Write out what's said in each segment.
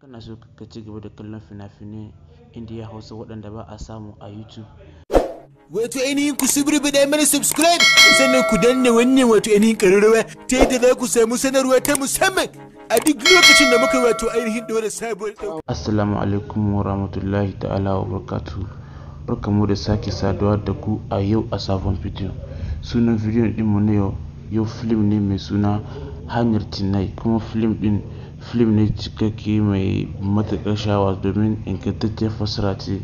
kana so ka ci gaba da kallon fina-finai indiya hausa waɗanda ba a samu a youtube wato ainihin ku da mana subscribe sannan ku danna wannan wato ainihin ƙararrawa ta yadda za ku samu sanarwa ta musamman a duk lokacin da muka wato ainihin ɗora sabuwar ɗauka. assalamu alaikum wa rahmatullahi ta'ala wa barkatu barkamu da sake saduwa da ku a yau a sabon bidiyo sunan bidiyon ɗinmu na yau yau film ne mai suna hanyar tinai kuma film ɗin Fim ne cikakke mai matuƙar sha'awa domin ingantaccen fassara ce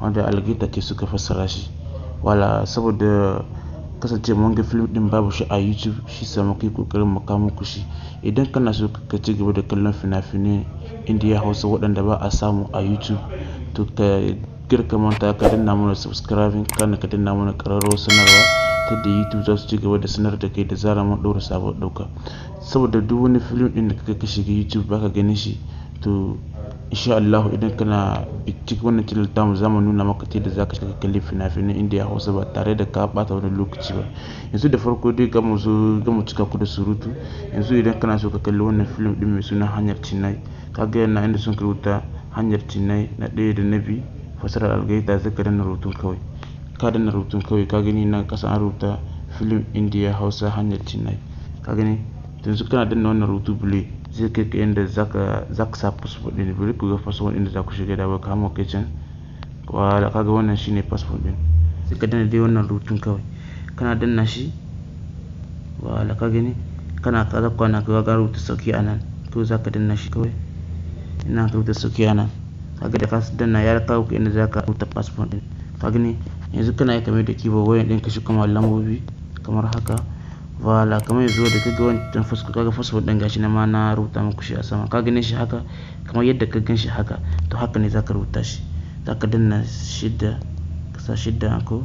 wanda ke suka fassara shi. Wala saboda kasance mun ga fim ɗin babu shi a YouTube shi sama kai yi ƙoƙarin mu shi. Idan kana so ka ci gaba da kallon fina finai Indiya Hausa waɗanda ba a samu a YouTube to ka girka manta ka danna mana subscribing kana ka danna mana ƙararrawar sanarwa. ta da youtube za su ci gaba da sanar da kai da zara mun ɗora sabon ɗauka saboda duk wani film ɗin da kaka shiga youtube baka ganin shi to insha Allah idan kana bitik wannan channel ta za mu nuna maka ta da za ka shiga kalli fina-finan indiya hausa ba tare da ka bata wani lokaci ba yanzu da farko dai ga mu zo ga mu cika ku da surutu yanzu idan kana so ka kalli wannan film din mai suna hanyar cinai ka ga yana inda sun rubuta hanyar cinai na ɗaya da na biyu fasarar algaita zaka danna rutun kawai ka na rubutun kawai ka gani na ƙasa an rubuta film india hausa 199 ka gani tun su kana danna wannan rubutu bule zai kai ka yanda zaka zaka sa passport din bari ku ga passport din da ku shiga da baka hamo kai can wala ga wannan shine passport din sai ka danna dai wannan rubutun kawai kana danna shi wala ka gani kana kaza kwana ka ga rubuta sauki a anan to ka danna shi kawai ina ka rubuta sauki a nan ka da ka danna ya kawo ka inda ka rubuta passport din ka gani yanzu kana yi kamar da keyboard wani ɗin kashi kamar lambobi kamar haka vala kamar yanzu da kaga wancan fasko kaga fasko ɗin gashi na ma na rubuta muku shi a sama ka gane shi haka kamar yadda ka gan shi haka to haka ne zaka rubuta shi zaka danna shida kasa shida ko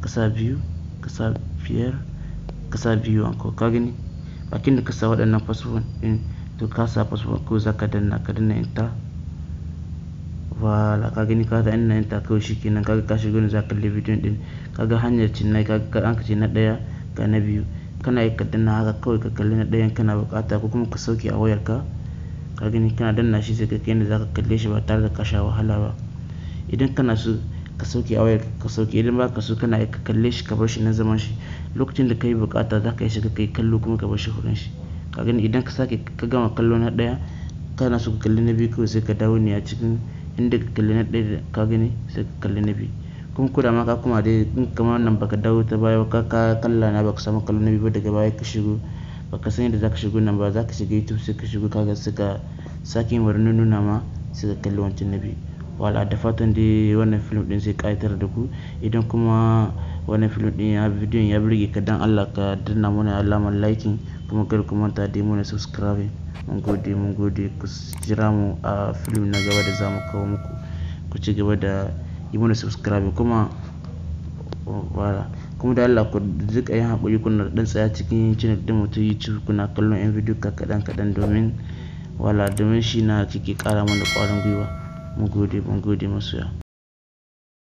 kasa biyu kasa biyar kasa biyu ko ka gani bakin da kasa waɗannan fasfon ɗin to kasa fasfon ko zaka danna ka danna enter wala ka gani ka ta ina yin ta kawai shikenan kaga ka shigo ne za ka kalli bidiyon ɗin kaga hanyar ka kaga an ka ce na ɗaya ga na biyu kana yi ka danna haka kawai ka kalli na ɗayan kana buƙata ko kuma ka sauke a wayarka ka gani kana danna shi sai ka kai yadda za ka kalle shi ba tare da ka sha wahala ba idan kana so ka sauke a wayarka ka sauke idan ba ka so kana yi ka kalle shi ka bar shi na zaman shi lokacin da ka yi buƙata za ka yi shi ka kai kallo kuma ka bar shi hurin shi ka gani idan ka sake ka gama kallo na ɗaya kana so ka kalli na biyu kawai sai ka dawo ne a cikin inda ka kalli na ɗaya ka gani sai ka kalli na biyu kuma ko da ma ka kuma dai in kamar nan baka dawo ta baya ka ka kalla na baka samu kallo na biyu ba daga baya ka shigo baka san yadda zaka shigo nan ba zaka shiga YouTube sai ka shigo kaga suka sake yin wani nuna ma sai ka kalli wancan na biyu wala da fatan dai wannan film din zai ƙayatar da ku idan kuma wani filin din ya bidiyon ya birge ka dan Allah ka danna mana alamar liking kuma kar ku manta da mana subscribing mun gode mun gode ku jira mu a filin na gaba da zamu kawo muku ku ci gaba da yi mana subscribing kuma wala oh, kuma da Allah ku rika yin haƙuri kuna dan tsaya cikin channel din mutum YouTube kuna kallon yan ka kaɗan kadan domin wala domin shi na kike ƙara mana kwarin gwiwa mun gode mun gode masoya